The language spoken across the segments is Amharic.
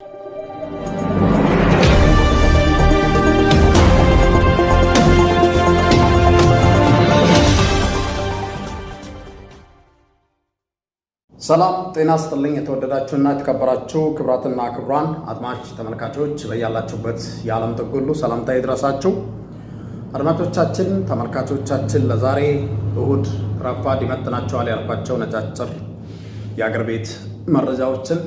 ሰላም ጤና ስጥልኝ። የተወደዳችሁና የተከበራችሁ ክብራትና ክብራን አድማጭ ተመልካቾች በያላችሁበት የዓለም ጥግ ሁሉ ሰላምታ ይድረሳችሁ። አድማጮቻችን፣ ተመልካቾቻችን ለዛሬ እሁድ ረፋድ ይመጥናቸዋል ያልኳቸው ነጫጭር የአገር ቤት መረጃዎችን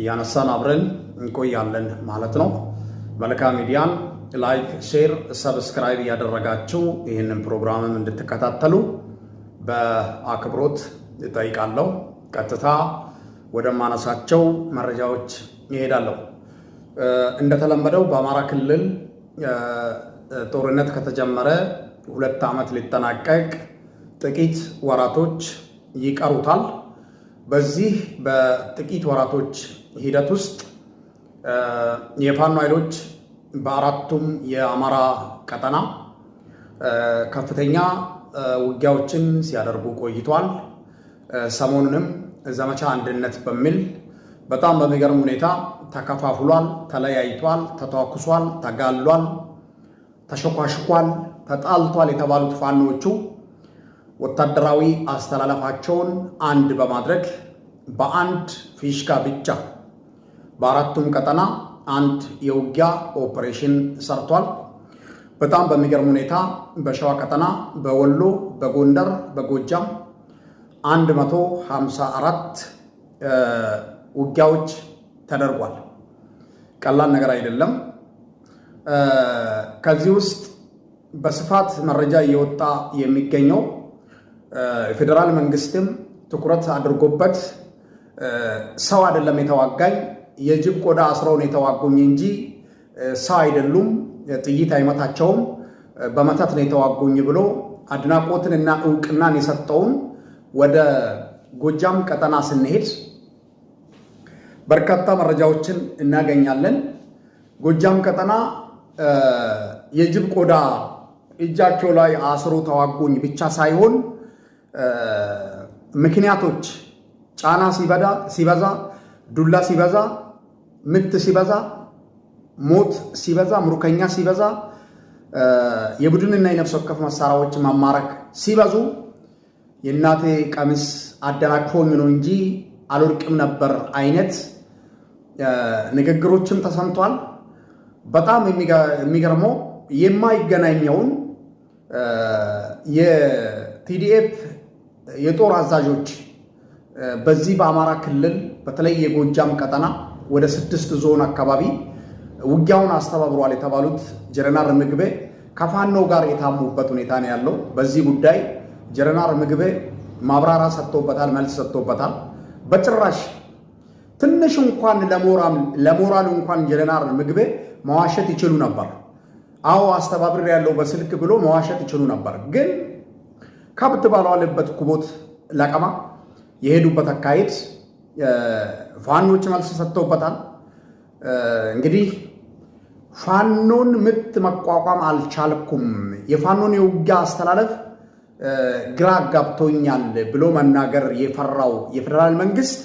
እያነሳን አብረን እንቆያለን ማለት ነው። መልካም ሚዲያን ላይክ፣ ሼር፣ ሰብስክራይብ እያደረጋችሁ ይህንን ፕሮግራምም እንድትከታተሉ በአክብሮት እጠይቃለሁ። ቀጥታ ወደማነሳቸው መረጃዎች ይሄዳለሁ። እንደተለመደው በአማራ ክልል ጦርነት ከተጀመረ ሁለት ዓመት ሊጠናቀቅ ጥቂት ወራቶች ይቀሩታል። በዚህ በጥቂት ወራቶች ሂደት ውስጥ የፋኖ ኃይሎች በአራቱም የአማራ ቀጠና ከፍተኛ ውጊያዎችን ሲያደርጉ ቆይቷል። ሰሞኑንም ዘመቻ አንድነት በሚል በጣም በሚገርም ሁኔታ ተከፋፍሏል፣ ተለያይቷል፣ ተተኩሷል፣ ተጋሏል፣ ተሸኳሽኳል፣ ተጣልቷል የተባሉት ፋኖቹ ወታደራዊ አስተላለፋቸውን አንድ በማድረግ በአንድ ፊሽካ ብቻ በአራቱም ቀጠና አንድ የውጊያ ኦፕሬሽን ሰርቷል። በጣም በሚገርም ሁኔታ በሸዋ ቀጠና፣ በወሎ፣ በጎንደር፣ በጎጃም 154 ውጊያዎች ተደርጓል። ቀላል ነገር አይደለም። ከዚህ ውስጥ በስፋት መረጃ እየወጣ የሚገኘው የፌዴራል መንግስትም ትኩረት አድርጎበት ሰው አይደለም የተዋጋኝ የጅብ ቆዳ አስረውን የተዋጉኝ እንጂ ሰው አይደሉም፣ ጥይት አይመታቸውም፣ በመተት ነው የተዋጉኝ ብሎ አድናቆትንና እውቅናን የሰጠውን ወደ ጎጃም ቀጠና ስንሄድ በርካታ መረጃዎችን እናገኛለን። ጎጃም ቀጠና የጅብ ቆዳ እጃቸው ላይ አስሮ ተዋጉኝ ብቻ ሳይሆን ምክንያቶች ጫና ሲበዛ፣ ዱላ ሲበዛ ምት ሲበዛ፣ ሞት ሲበዛ፣ ምሩከኛ ሲበዛ፣ የቡድንና የነፍስ ወከፍ መሳሪያዎች ማማረክ ሲበዙ የእናቴ ቀሚስ አደናቅፎኝ ነው እንጂ አልወድቅም ነበር አይነት ንግግሮችም ተሰምቷል። በጣም የሚገርመው የማይገናኘውን የቲዲኤፍ የጦር አዛዦች በዚህ በአማራ ክልል በተለይ የጎጃም ቀጠና ወደ ስድስት ዞን አካባቢ ውጊያውን አስተባብሯል የተባሉት ጀነራል ምግቤ ከፋኖ ጋር የታሙበት ሁኔታ ነው ያለው። በዚህ ጉዳይ ጀነራል ምግቤ ማብራሪያ ሰጥቶበታል፣ መልስ ሰጥቶበታል። በጭራሽ ትንሽ እንኳን ለሞራሉ እንኳን ጀነራል ምግቤ መዋሸት ይችሉ ነበር። አዎ አስተባብር ያለው በስልክ ብሎ መዋሸት ይችሉ ነበር። ግን ከብት ባልዋለበት ኩቦት ለቀማ የሄዱበት አካሄድ ፋኖች መልስ ሰጥተውበታል። እንግዲህ ፋኖን ምት መቋቋም አልቻልኩም፣ የፋኖን የውጊያ አስተላለፍ ግራ ጋብቶኛል ብሎ መናገር የፈራው የፌደራል መንግስት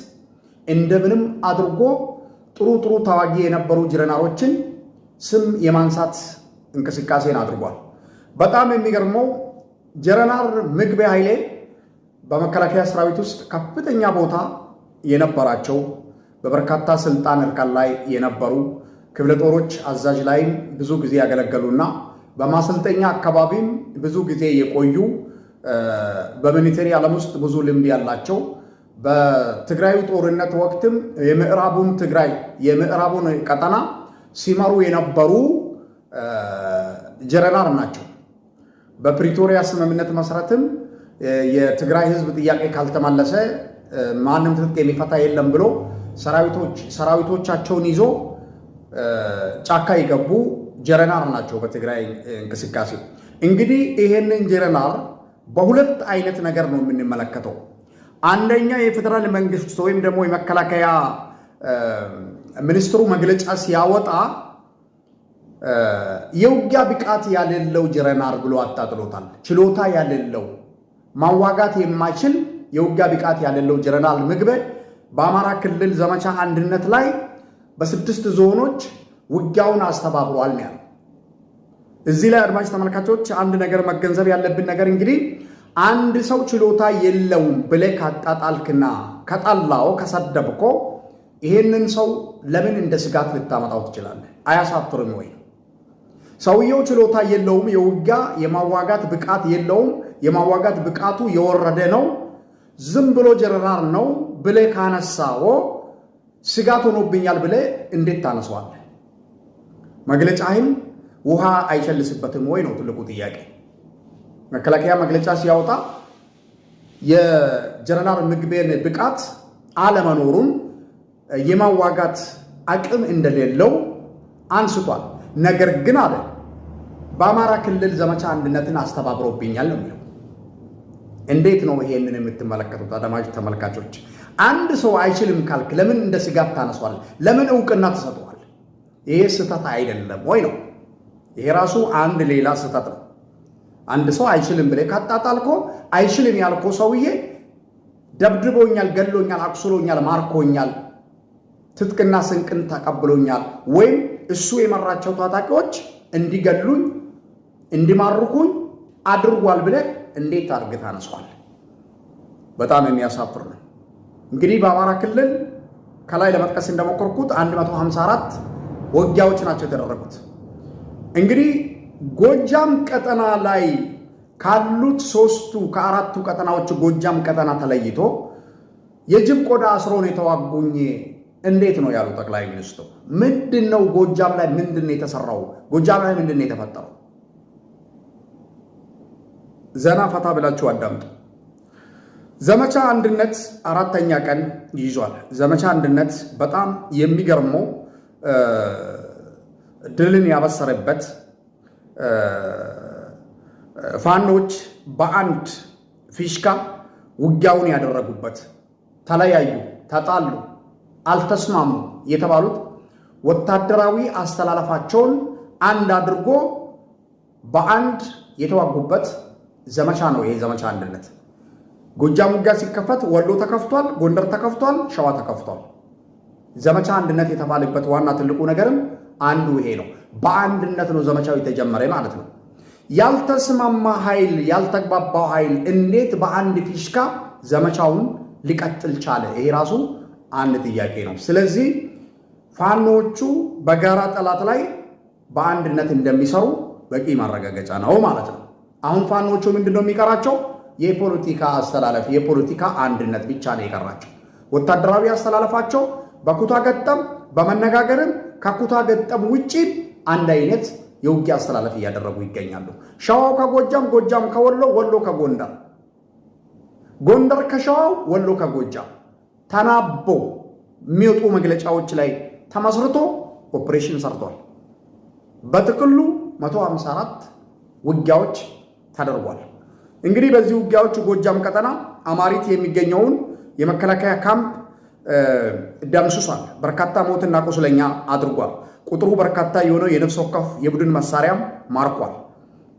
እንደምንም አድርጎ ጥሩ ጥሩ ታዋጊ የነበሩ ጀነራሎችን ስም የማንሳት እንቅስቃሴን አድርጓል። በጣም የሚገርመው ጀረናር ምግቤ ኃይሌ በመከላከያ ሰራዊት ውስጥ ከፍተኛ ቦታ የነበራቸው በበርካታ ስልጣን እርካን ላይ የነበሩ ክፍለ ጦሮች አዛዥ ላይም ብዙ ጊዜ ያገለገሉና በማሰልጠኛ አካባቢም ብዙ ጊዜ የቆዩ በሚኒቴሪ ዓለም ውስጥ ብዙ ልምድ ያላቸው በትግራዩ ጦርነት ወቅትም የምዕራቡን ትግራይ የምዕራቡን ቀጠና ሲመሩ የነበሩ ጀረናር ናቸው። በፕሪቶሪያ ስምምነት መሰረትም የትግራይ ሕዝብ ጥያቄ ካልተመለሰ ማንም ትጥቅ የሚፈታ የለም ብሎ ሰራዊቶቻቸውን ይዞ ጫካ የገቡ ጀረናር ናቸው። በትግራይ እንቅስቃሴ እንግዲህ ይሄንን ጀረናር በሁለት አይነት ነገር ነው የምንመለከተው። አንደኛ የፌደራል መንግስት ወይም ደግሞ የመከላከያ ሚኒስትሩ መግለጫ ሲያወጣ የውጊያ ብቃት ያሌለው ጀረናር ብሎ አጣጥሎታል። ችሎታ ያሌለው ማዋጋት የማይችል የውጊያ ብቃት ያለለው ጀነራል ምግበ በአማራ ክልል ዘመቻ አንድነት ላይ በስድስት ዞኖች ውጊያውን አስተባብሯል ነው ያለው። እዚህ ላይ አድማጭ ተመልካቾች አንድ ነገር መገንዘብ ያለብን ነገር እንግዲህ አንድ ሰው ችሎታ የለውም ብለህ ካጣጣልክና ከጠላው ከሰደብኮ ይሄንን ሰው ለምን እንደ ስጋት ልታመጣው ትችላለህ? አያሳፍርም ወይ? ሰውየው ችሎታ የለውም፣ የውጊያ የማዋጋት ብቃት የለውም፣ የማዋጋት ብቃቱ የወረደ ነው ዝም ብሎ ጀነራል ነው ብለ ካነሳዎ ስጋት ሆኖብኛል ብሌ እንዴት መግለጫ መግለጫህም ውሃ አይሸልስበትም ወይ ነው ትልቁ ጥያቄ። መከላከያ መግለጫ ሲያወጣ የጀነራል ምግቤን ብቃት አለመኖሩን የማዋጋት አቅም እንደሌለው አንስቷል። ነገር ግን አለ በአማራ ክልል ዘመቻ አንድነትን አስተባብሮብኛል ነው የሚለው እንዴት ነው ይሄንን የምትመለከቱት አዳማጅ ተመልካቾች? አንድ ሰው አይችልም ካልክ ለምን እንደ ስጋት ታነሷል? ለምን እውቅና ተሰጥቷል? ይሄ ስህተት አይደለም ወይ ነው? ይሄ ራሱ አንድ ሌላ ስህተት ነው። አንድ ሰው አይችልም ብለህ ካጣጣልኮ አይችልም ያልኮ ሰውዬ ደብድቦኛል፣ ገሎኛል አቁስሎኛል፣ ማርኮኛል፣ ትጥቅና ስንቅን ተቀብሎኛል ወይም እሱ የመራቸው ታጣቂዎች እንዲገሉኝ እንዲማርኩኝ አድርጓል ብለህ እንዴት አድርገህ ታነሳዋለህ? በጣም የሚያሳፍር ነው። እንግዲህ በአማራ ክልል ከላይ ለመጥቀስ እንደሞከርኩት 154 ውጊያዎች ናቸው የተደረጉት። እንግዲህ ጎጃም ቀጠና ላይ ካሉት ሶስቱ ከአራቱ ቀጠናዎች ጎጃም ቀጠና ተለይቶ የጅብ ቆዳ አስሮን የተዋጉኝ እንዴት ነው ያሉ ጠቅላይ ሚኒስትሩ። ምንድን ነው ጎጃም ላይ ምንድን ነው የተሰራው? ጎጃም ላይ ምንድን ነው የተፈጠረው? ዘና ፈታ ብላችሁ አዳምጡ። ዘመቻ አንድነት አራተኛ ቀን ይዟል። ዘመቻ አንድነት በጣም የሚገርመው ድልን ያበሰረበት ፋኖች በአንድ ፊሽካ ውጊያውን ያደረጉበት ተለያዩ፣ ተጣሉ፣ አልተስማሙ የተባሉት ወታደራዊ አስተላለፋቸውን አንድ አድርጎ በአንድ የተዋጉበት ዘመቻ ነው። ይሄ ዘመቻ አንድነት ጎጃም ውጊያ ሲከፈት ወሎ ተከፍቷል፣ ጎንደር ተከፍቷል፣ ሸዋ ተከፍቷል። ዘመቻ አንድነት የተባለበት ዋና ትልቁ ነገርም አንዱ ይሄ ነው። በአንድነት ነው ዘመቻው የተጀመረ ማለት ነው። ያልተስማማ ኃይል፣ ያልተግባባው ኃይል እንዴት በአንድ ፊሽካ ዘመቻውን ሊቀጥል ቻለ? ይሄ ራሱ አንድ ጥያቄ ነው። ስለዚህ ፋኖቹ በጋራ ጠላት ላይ በአንድነት እንደሚሰሩ በቂ ማረጋገጫ ነው ማለት ነው። አሁን ፋኖቹ ምንድን ነው የሚቀራቸው? የፖለቲካ አስተላለፍ፣ የፖለቲካ አንድነት ብቻ ነው የቀራቸው። ወታደራዊ አስተላለፋቸው በኩታ ገጠም በመነጋገርም ከኩታ ገጠም ውጪ አንድ አይነት የውጊያ አስተላለፍ እያደረጉ ይገኛሉ። ሸዋው ከጎጃም፣ ጎጃም ከወሎ፣ ወሎ ከጎንደር፣ ጎንደር ከሸዋው፣ ወሎ ከጎጃም ተናቦ የሚወጡ መግለጫዎች ላይ ተመስርቶ ኦፕሬሽን ሰርቷል። በጥቅሉ 154 ውጊያዎች ተደርጓል። እንግዲህ በዚህ ውጊያዎች ጎጃም ቀጠና አማሪት የሚገኘውን የመከላከያ ካምፕ ደምስሷል። በርካታ ሞትና ቁስለኛ አድርጓል። ቁጥሩ በርካታ የሆነው የነፍስ ወከፍ የቡድን መሳሪያም ማርኳል።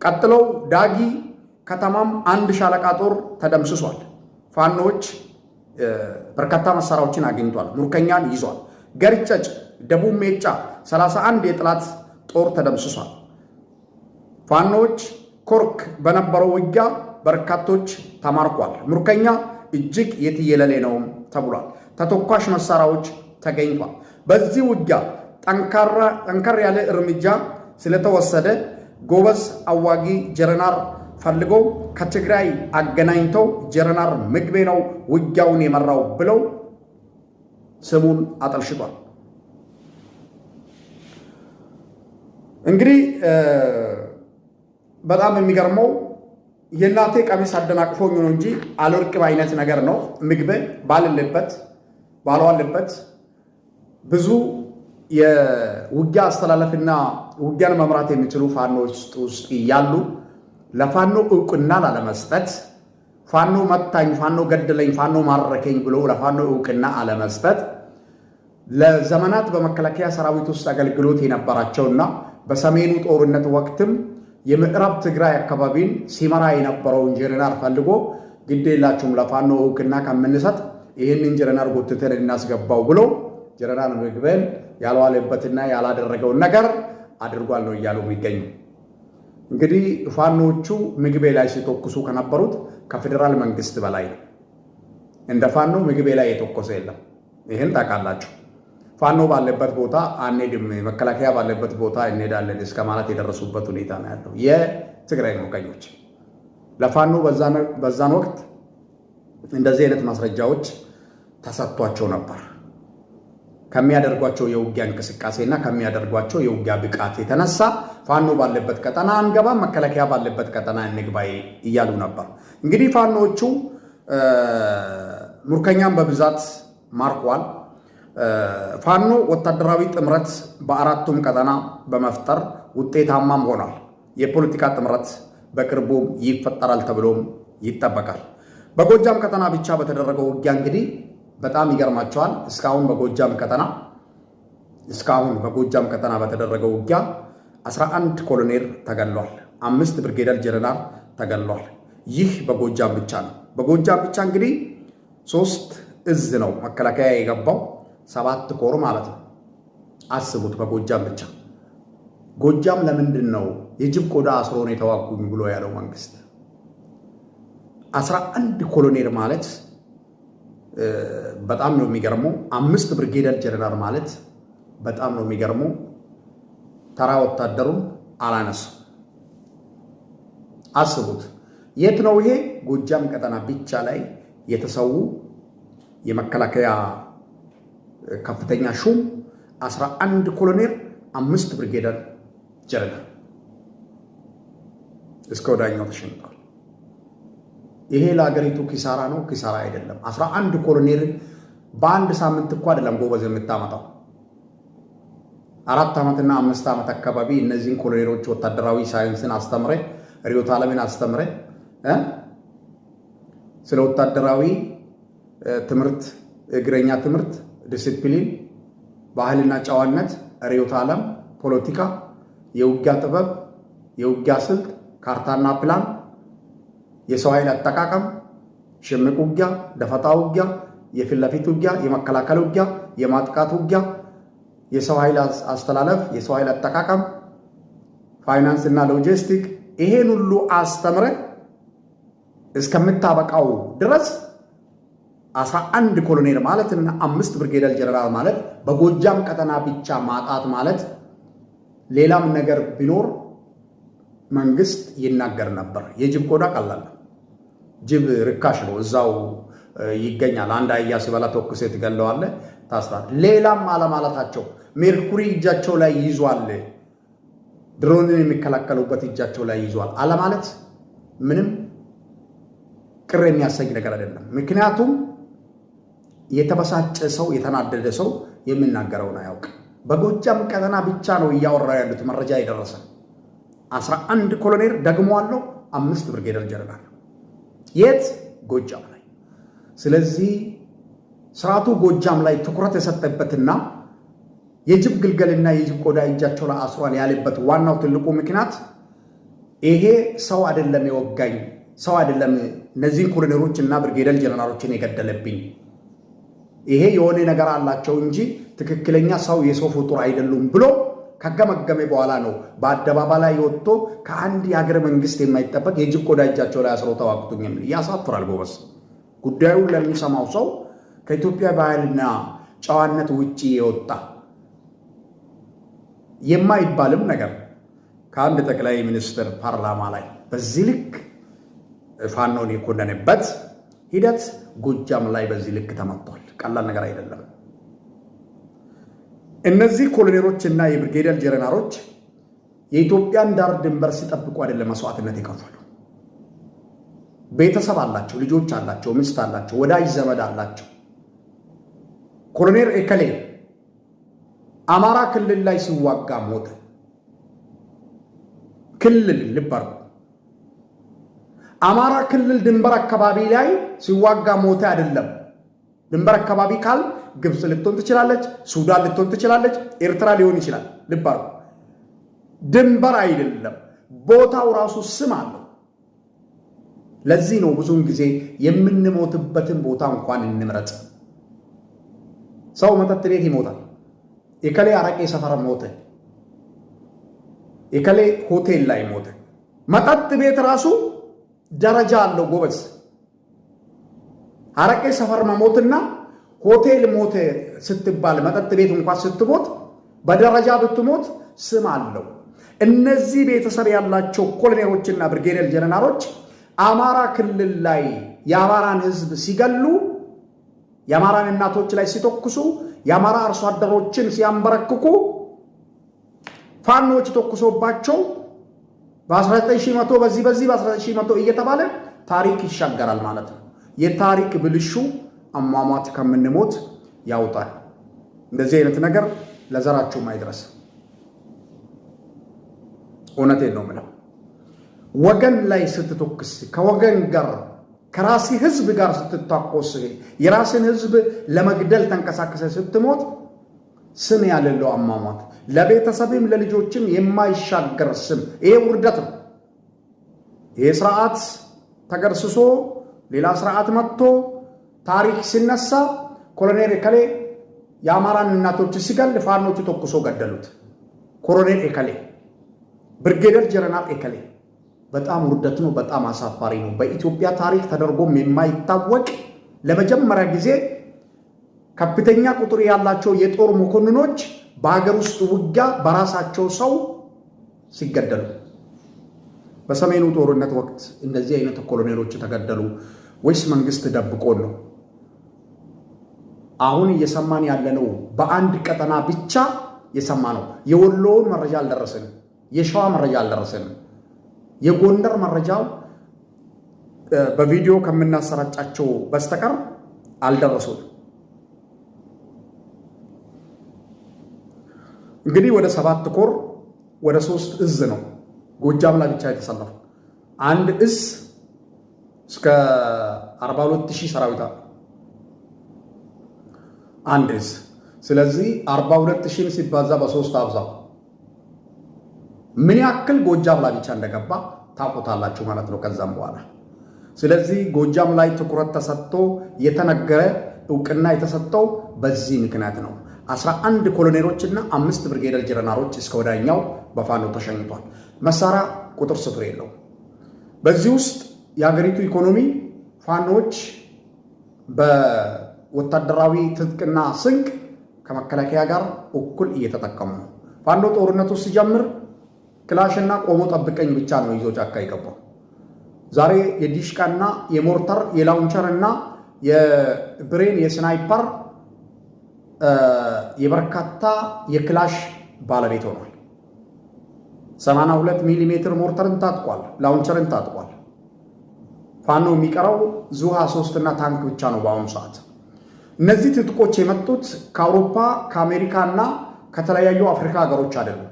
ቀጥለው ዳጊ ከተማም አንድ ሻለቃ ጦር ተደምስሷል። ፋኖች በርካታ መሳሪያዎችን አግኝቷል። ሙርከኛን ይዟል። ገርጨጭ፣ ደቡብ ሜጫ 31 የጥላት ጦር ተደምስሷል። ፋኖች ኮርክ በነበረው ውጊያ በርካቶች ተማርኳል። ምርኮኛ እጅግ የትየለሌ ነውም ተብሏል። ተተኳሽ መሳሪያዎች ተገኝቷል። በዚህ ውጊያ ጠንከር ያለ እርምጃ ስለተወሰደ ጎበዝ አዋጊ ጀረናር ፈልገው ከትግራይ አገናኝተው ጀረናር ምግቤ ነው ውጊያውን የመራው ብለው ስሙን አጠልሽቷል። እንግዲህ በጣም የሚገርመው የእናቴ ቀሚስ አደናቅፎኝ ነው እንጂ አልወርቅም አይነት ነገር ነው። ምግብ ባልልበት ባለዋልበት ብዙ የውጊያ አስተላለፍና ውጊያን መምራት የሚችሉ ፋኖች ውስጥ እያሉ ለፋኖ እውቅና ላለመስጠት ፋኖ መታኝ፣ ፋኖ ገደለኝ፣ ፋኖ ማረከኝ ብሎ ለፋኖ እውቅና አለመስጠት ለዘመናት በመከላከያ ሰራዊት ውስጥ አገልግሎት የነበራቸውና በሰሜኑ ጦርነት ወቅትም የምዕራብ ትግራይ አካባቢን ሲመራ የነበረው ኢንጂነር ፈልጎ ግድ የላችሁም ለፋኖ እውቅና ከምንሰጥ ይህን ኢንጂነር ጎትተን እናስገባው ብሎ ጀነራል ምግበን ያልዋለበትና ያላደረገውን ነገር አድርጓል ነው እያሉ የሚገኙ እንግዲህ ፋኖቹ ምግቤ ላይ ሲተኩሱ ከነበሩት ከፌዴራል መንግስት በላይ ነው። እንደ ፋኖ ምግቤ ላይ የተኮሰ የለም። ይህን ታውቃላችሁ። ፋኖ ባለበት ቦታ አንሄድም፣ መከላከያ ባለበት ቦታ እንሄዳለን እስከ ማለት የደረሱበት ሁኔታ ነው ያለው የትግራይ ሞቀኞች ለፋኖ በዛን ወቅት እንደዚህ አይነት ማስረጃዎች ተሰጥቷቸው ነበር። ከሚያደርጓቸው የውጊያ እንቅስቃሴና ከሚያደርጓቸው የውጊያ ብቃት የተነሳ ፋኖ ባለበት ቀጠና አንገባም፣ መከላከያ ባለበት ቀጠና እንግባ እያሉ ነበር። እንግዲህ ፋኖዎቹ ሙርከኛን በብዛት ማርኳል። ፋኖ ወታደራዊ ጥምረት በአራቱም ቀጠና በመፍጠር ውጤታማም ሆኗል። የፖለቲካ ጥምረት በቅርቡም ይፈጠራል ተብሎም ይጠበቃል። በጎጃም ቀጠና ብቻ በተደረገው ውጊያ እንግዲህ በጣም ይገርማቸዋል። እስካሁን በጎጃም ቀጠና እስካሁን በጎጃም ቀጠና በተደረገው ውጊያ 11 ኮሎኔል ተገሏል። አምስት ብርጌደር ጀነራል ተገሏል። ይህ በጎጃም ብቻ ነው። በጎጃም ብቻ እንግዲህ ሶስት እዝ ነው መከላከያ የገባው ሰባት ኮር ማለት ነው። አስቡት በጎጃም ብቻ። ጎጃም ለምንድን ነው የጅብ ቆዳ አስሮን የተዋጉኝ ብሎ ያለው መንግስት? አስራ አንድ ኮሎኔል ማለት በጣም ነው የሚገርመው። አምስት ብርጌደር ጀነራል ማለት በጣም ነው የሚገርመው። ተራ ወታደሩን አላነሱ። አስቡት። የት ነው ይሄ? ጎጃም ቀጠና ብቻ ላይ የተሰዉ የመከላከያ ከፍተኛ ሹም፣ 11 ኮሎኔል፣ አምስት ብርጌደር ጀነራል እስከ ወዳኛው ተሸንቷል። ይሄ ለሀገሪቱ ኪሳራ ነው። ኪሳራ አይደለም። 11 ኮሎኔልን በአንድ ሳምንት እኮ አይደለም ጎበዝ የምታመጣው። አራት ዓመትና አምስት ዓመት አካባቢ እነዚህን ኮሎኔሎች ወታደራዊ ሳይንስን አስተምረ፣ ሪዮት ዓለምን አስተምረ፣ ስለ ወታደራዊ ትምህርት እግረኛ ትምህርት ዲሲፕሊን፣ ባህልና ጨዋነት፣ ርዕዮተ ዓለም፣ ፖለቲካ፣ የውጊያ ጥበብ፣ የውጊያ ስልት፣ ካርታና ፕላን፣ የሰው ኃይል አጠቃቀም፣ ሽምቅ ውጊያ፣ ደፈጣ ውጊያ፣ የፊት ለፊት ውጊያ፣ የመከላከል ውጊያ፣ የማጥቃት ውጊያ፣ የሰው ኃይል አስተላለፍ፣ የሰው ኃይል አጠቃቀም፣ ፋይናንስ እና ሎጂስቲክ ይሄን ሁሉ አስተምረ እስከምታበቃው ድረስ አስራ አንድ ኮሎኔል ማለት እና አምስት ብርጌደል ጀነራል ማለት በጎጃም ቀጠና ብቻ ማጣት ማለት ሌላም ነገር ቢኖር መንግስት ይናገር ነበር። የጅብ ቆዳ ቀላል ጅብ ርካሽ ነው። እዛው ይገኛል። አንድ አህያ ሲበላ ተኩሴ ትገለዋለህ፣ ታስራል። ሌላም አለማለታቸው ሜርኩሪ እጃቸው ላይ ይዟል። ድሮንን የሚከላከሉበት እጃቸው ላይ ይዟል። አለማለት ምንም ቅር የሚያሰኝ ነገር አይደለም። ምክንያቱም የተበሳጨ ሰው የተናደደ ሰው የሚናገረውን አያውቅ በጎጃም ቀጠና ብቻ ነው እያወራ ያሉት መረጃ የደረሰ አስራ አንድ ኮሎኔል ደግሞ አለው አምስት ብርጌደር ጀነራል የት ጎጃም ላይ። ስለዚህ ስርዓቱ ጎጃም ላይ ትኩረት የሰጠበትና የጅብ ግልገልና የጅብ ቆዳ እጃቸው ላይ አስሯል ያለበት ዋናው ትልቁ ምክንያት ይሄ ሰው አይደለም የወጋኝ ሰው አይደለም እነዚህን ኮሎኔሎች እና ብርጌደር ጀነራሎችን የገደለብኝ ይሄ የሆነ ነገር አላቸው እንጂ ትክክለኛ ሰው የሰው ፍጡር አይደሉም ብሎ ከገመገሜ በኋላ ነው በአደባባይ ላይ ወጥቶ ከአንድ የሀገር መንግስት የማይጠበቅ የጅብ ቆዳ እጃቸው ላይ አስረው ተዋግቱኝ የሚል ያሳፍራል። ጎበስ ጉዳዩን ለሚሰማው ሰው ከኢትዮጵያ ባህልና ጨዋነት ውጭ የወጣ የማይባልም ነገር ከአንድ ጠቅላይ ሚኒስትር ፓርላማ ላይ በዚህ ልክ ፋኖን የኮነነበት ሂደት ጎጃም ላይ በዚህ ልክ ተመቷል። ቀላል ነገር አይደለም። እነዚህ ኮሎኔሎች እና የብርጌደር ጀረናሮች የኢትዮጵያን ዳር ድንበር ሲጠብቁ አይደለም መስዋዕትነት የከፈሉ። ቤተሰብ አላቸው፣ ልጆች አላቸው፣ ምስት አላቸው፣ ወዳጅ ዘመድ አላቸው። ኮሎኔል ኤከሌ አማራ ክልል ላይ ሲዋጋ ሞተ። ክልል ልበር አማራ ክልል ድንበር አካባቢ ላይ ሲዋጋ ሞተ አይደለም ድንበር አካባቢ ካል ግብፅ ልትሆን ትችላለች፣ ሱዳን ልትሆን ትችላለች፣ ኤርትራ ሊሆን ይችላል። ልብ ድንበር አይደለም ቦታው ራሱ ስም አለው። ለዚህ ነው ብዙውን ጊዜ የምንሞትበትን ቦታ እንኳን እንምረጥ። ሰው መጠጥ ቤት ይሞታል። የከሌ አረቄ ሰፈር ሞተ፣ የከሌ ሆቴል ላይ ሞተ። መጠጥ ቤት ራሱ ደረጃ አለው ጎበዝ። አረቄ ሰፈር መሞትና ሆቴል ሞት ስትባል መጠጥ ቤት እንኳን ስትሞት በደረጃ ብትሞት ስም አለው። እነዚህ ቤተሰብ ያላቸው ኮሎኔሎችና ብርጌዴር ጀነራሎች አማራ ክልል ላይ የአማራን ሕዝብ ሲገሉ፣ የአማራን እናቶች ላይ ሲተኩሱ፣ የአማራ አርሶ አደሮችን ሲያንበረክኩ ፋኖች ተኩሶባቸው በ19 ሺህ መቶ በዚህ በዚህ በ19 ሺህ መቶ እየተባለ ታሪክ ይሻገራል ማለት ነው። የታሪክ ብልሹ አሟሟት ከምንሞት ያውጣል። እንደዚህ አይነት ነገር ለዘራችሁም አይድረስ። እውነቴን ነው የምለው። ወገን ላይ ስትቶክስ ከወገን ጋር ከራሴ ህዝብ ጋር ስትታኮስ የራስን ህዝብ ለመግደል ተንቀሳቀሰ ስትሞት ስም ያለለው አሟሟት ለቤተሰብም ለልጆችም የማይሻገር ስም። ይሄ ውርደት ነው። ይሄ ስርዓት ተገርስሶ ሌላ ስርዓት መጥቶ ታሪክ ሲነሳ ኮሎኔል ኤከሌ የአማራን እናቶች ሲገል ፋኖቹ ተኩሶ ገደሉት። ኮሎኔል ኤከሌ ብርጌደር ጀነራል ኤከሌ በጣም ውርደት ነው። በጣም አሳፋሪ ነው። በኢትዮጵያ ታሪክ ተደርጎም የማይታወቅ ለመጀመሪያ ጊዜ ከፍተኛ ቁጥር ያላቸው የጦር መኮንኖች በሀገር ውስጥ ውጊያ በራሳቸው ሰው ሲገደሉ በሰሜኑ ጦርነት ወቅት እንደዚህ አይነት ኮሎኔሎች ተገደሉ ወይስ መንግስት ደብቆን ነው? አሁን እየሰማን ያለነው በአንድ ቀጠና ብቻ የሰማ ነው። የወሎውን መረጃ አልደረስን፣ የሸዋ መረጃ አልደረስንም። የጎንደር መረጃው በቪዲዮ ከምናሰራጫቸው በስተቀር አልደረሱም። እንግዲህ ወደ ሰባት ኮር ወደ ሶስት እዝ ነው ጎጃም ላይ ብቻ የተሰለፉ አንድ እስ እስከ 42 ሺህ ሰራዊት አንድ እስ። ስለዚህ 42 ሺህ ሲባዛ በሶስት አብዛው ምን ያክል ጎጃም ላይ ብቻ እንደገባ ታውቁታላችሁ ማለት ነው። ከዛም በኋላ ስለዚህ ጎጃም ላይ ትኩረት ተሰጥቶ የተነገረ እውቅና የተሰጠው በዚህ ምክንያት ነው። 11 ኮሎኔሎችና አምስት ብርጌደር ጀነራሎች እስከ ወዳኛው በፋኖ ተሸኝቷል። መሳሪያ ቁጥር ስፍር የለው። በዚህ ውስጥ የሀገሪቱ ኢኮኖሚ ፋኖዎች በወታደራዊ ትጥቅና ስንቅ ከመከላከያ ጋር እኩል እየተጠቀሙ ነው። ፋኖ ጦርነቱ ሲጀምር ክላሽና ቆሞ ጠብቀኝ ብቻ ነው ይዞ ጫካ የገባው። ዛሬ የዲሽቃና የሞርተር የላውንቸር እና የብሬን የስናይፐር የበርካታ የክላሽ ባለቤት ሆኗል። 82 ሚሊ ሜትር ሞርተርን ታጥቋል። ላውንቸርን ታጥቋል። ፋኖ የሚቀረው ዙሃ 3 እና ታንክ ብቻ ነው በአሁኑ ሰዓት። እነዚህ ትጥቆች የመጡት ከአውሮፓ ከአሜሪካ እና ከተለያዩ አፍሪካ ሀገሮች አይደሉም።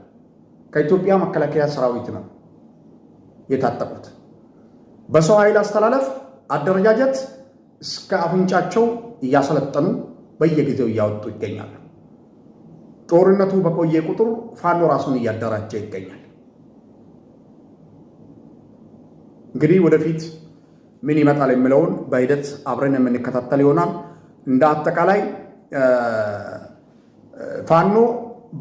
ከኢትዮጵያ መከላከያ ሰራዊት ነው የታጠቁት። በሰው ኃይል አስተላለፍ አደረጃጀት እስከ አፍንጫቸው እያሰለጠኑ በየጊዜው እያወጡ ይገኛሉ። ጦርነቱ በቆየ ቁጥር ፋኖ ራሱን እያደራጀ ይገኛል። እንግዲህ ወደፊት ምን ይመጣል የሚለውን በሂደት አብረን የምንከታተል ይሆናል። እንደ አጠቃላይ ፋኖ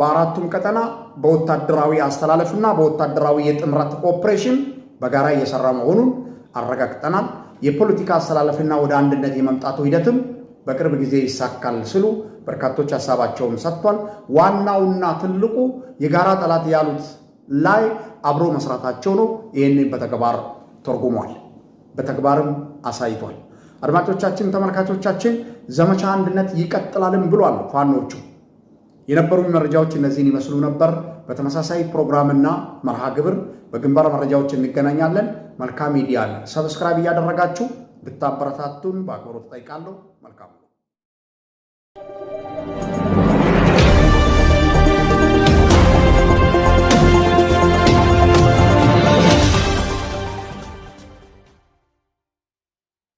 በአራቱም ቀጠና በወታደራዊ አስተላለፍ እና በወታደራዊ የጥምረት ኦፕሬሽን በጋራ እየሰራ መሆኑን አረጋግጠናል። የፖለቲካ አስተላለፍና ወደ አንድነት የመምጣቱ ሂደትም በቅርብ ጊዜ ይሳካል ስሉ በርካቶች ሀሳባቸውን ሰጥቷል። ዋናውና ትልቁ የጋራ ጠላት ያሉት ላይ አብሮ መስራታቸው ነው። ይህንን በተግባር ተርጉሟል፣ በተግባርም አሳይቷል። አድማጮቻችን፣ ተመልካቾቻችን ዘመቻ አንድነት ይቀጥላልን ብሏል ፋኖቹ። የነበሩ መረጃዎች እነዚህን ይመስሉ ነበር። በተመሳሳይ ፕሮግራምና መርሃ ግብር በግንባር መረጃዎች እንገናኛለን። መልካም ሚዲያ ሰብስክራይብ እያደረጋችሁ ብታበረታቱን በአክብሮት ጠይቃለሁ። መልካም